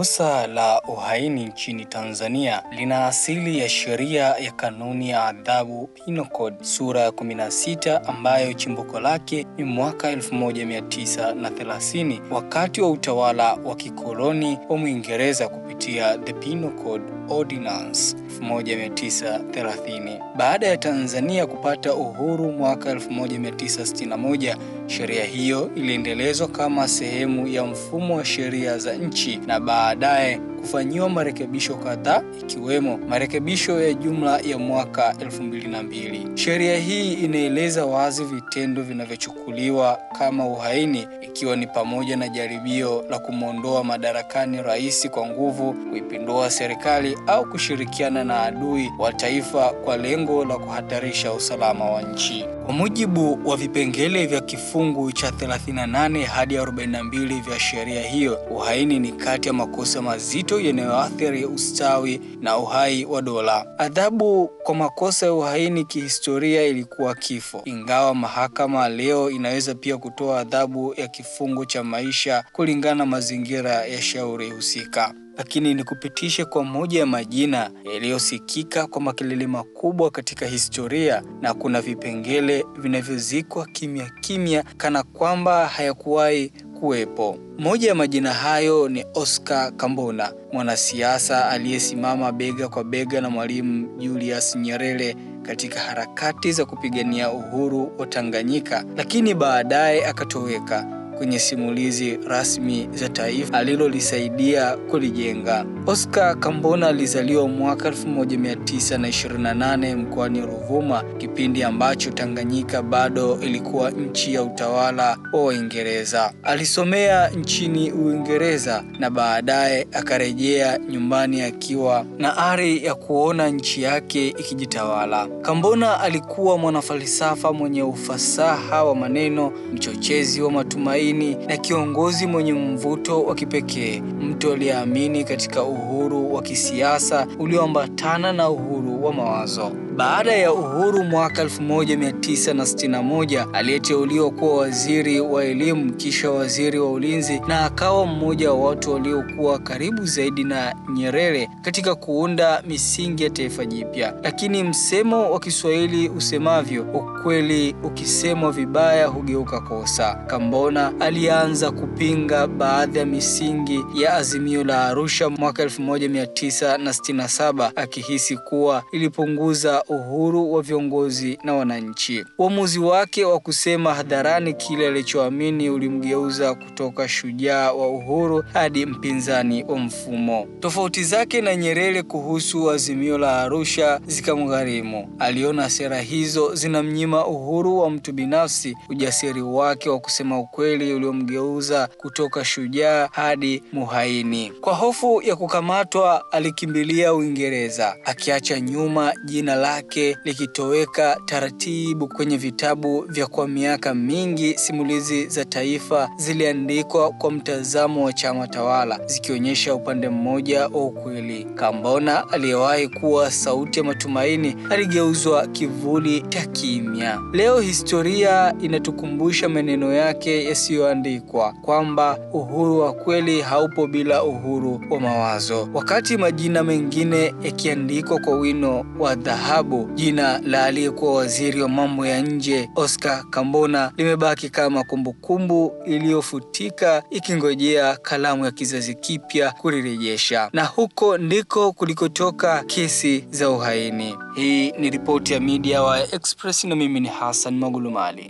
Kosa la uhaini nchini Tanzania lina asili ya sheria ya kanuni ya adhabu Penal Code sura ya 16 ambayo chimbuko lake ni mwaka 1930 wakati wa utawala wa kikoloni wa Mwingereza kupitia the Penal Code Ordinance 1930. Baada ya Tanzania kupata uhuru mwaka 1961, sheria hiyo iliendelezwa kama sehemu ya mfumo wa sheria za nchi na baada baadaye kufanyiwa marekebisho kadhaa ikiwemo marekebisho ya jumla ya mwaka 2002. Sheria hii inaeleza wazi vitendo vinavyochukuliwa kama uhaini ikiwa ni pamoja na jaribio la kumwondoa madarakani rais kwa nguvu, kuipindua serikali au kushirikiana na adui wa taifa kwa lengo la kuhatarisha usalama wa nchi. Kwa mujibu wa vipengele vya kifungu cha 38 hadi 42 vya sheria hiyo, uhaini ni kati ya makosa mazito mseto yanayoathiri ustawi na uhai wa dola. Adhabu kwa makosa ya uhaini kihistoria ilikuwa kifo, ingawa mahakama leo inaweza pia kutoa adhabu ya kifungo cha maisha kulingana na mazingira ya shauri husika lakini ni kupitisha kwa moja ya majina yaliyosikika kwa makelele makubwa katika historia, na kuna vipengele vinavyozikwa kimya kimya, kana kwamba hayakuwahi kuwepo Moja ya majina hayo ni Oscar Kambona, mwanasiasa aliyesimama bega kwa bega na Mwalimu Julius Nyerere katika harakati za kupigania uhuru wa Tanganyika, lakini baadaye akatoweka kwenye simulizi rasmi za taifa alilolisaidia kulijenga. Oscar Kambona alizaliwa mwaka 1928 mkoani Ruvuma, kipindi ambacho Tanganyika bado ilikuwa nchi ya utawala wa Waingereza. Alisomea nchini Uingereza na baadaye akarejea nyumbani akiwa na ari ya kuona nchi yake ikijitawala. Kambona alikuwa mwanafalsafa mwenye ufasaha wa maneno, mchochezi wa matumaini makini na kiongozi mwenye mvuto wa kipekee, mtu aliyeamini katika uhuru wa kisiasa ulioambatana na uhuru wa mawazo. Baada ya uhuru mwaka 1961 aliyeteuliwa kuwa waziri wa elimu, kisha waziri wa ulinzi, na akawa mmoja wa watu waliokuwa karibu zaidi na Nyerere katika kuunda misingi ya taifa jipya. Lakini msemo wa Kiswahili usemavyo, ukweli ukisemwa vibaya hugeuka kosa. Kambona alianza kupinga baadhi ya misingi ya Azimio la Arusha mwaka 1967 akihisi kuwa ilipunguza uhuru wa viongozi na wananchi. Uamuzi wake wa kusema hadharani kile alichoamini ulimgeuza kutoka shujaa wa uhuru hadi mpinzani wa mfumo. Tofauti zake na Nyerere kuhusu azimio la Arusha zikamgharimu. Aliona sera hizo zinamnyima uhuru wa mtu binafsi, ujasiri wake wa kusema ukweli uliomgeuza kutoka shujaa hadi muhaini. Kwa hofu ya kukamatwa, alikimbilia Uingereza akiacha nyuma nyuma jina lake likitoweka taratibu kwenye vitabu vya kwa miaka mingi. Simulizi za taifa ziliandikwa kwa mtazamo wa chama tawala, zikionyesha upande mmoja wa ukweli. Kambona aliyewahi kuwa sauti ya matumaini aligeuzwa kivuli cha kimya. Leo historia inatukumbusha maneno yake yasiyoandikwa kwamba uhuru wa kweli haupo bila uhuru wa mawazo. Wakati majina mengine yakiandikwa kwa wino mkono wa dhahabu. Jina la aliyekuwa waziri wa mambo ya nje Oscar Kambona limebaki kama kumbukumbu iliyofutika ikingojea kalamu ya kizazi kipya kulirejesha, na huko ndiko kulikotoka kesi za uhaini. Hii ni ripoti ya Media wa Express, na mimi ni Hassan Magulumali.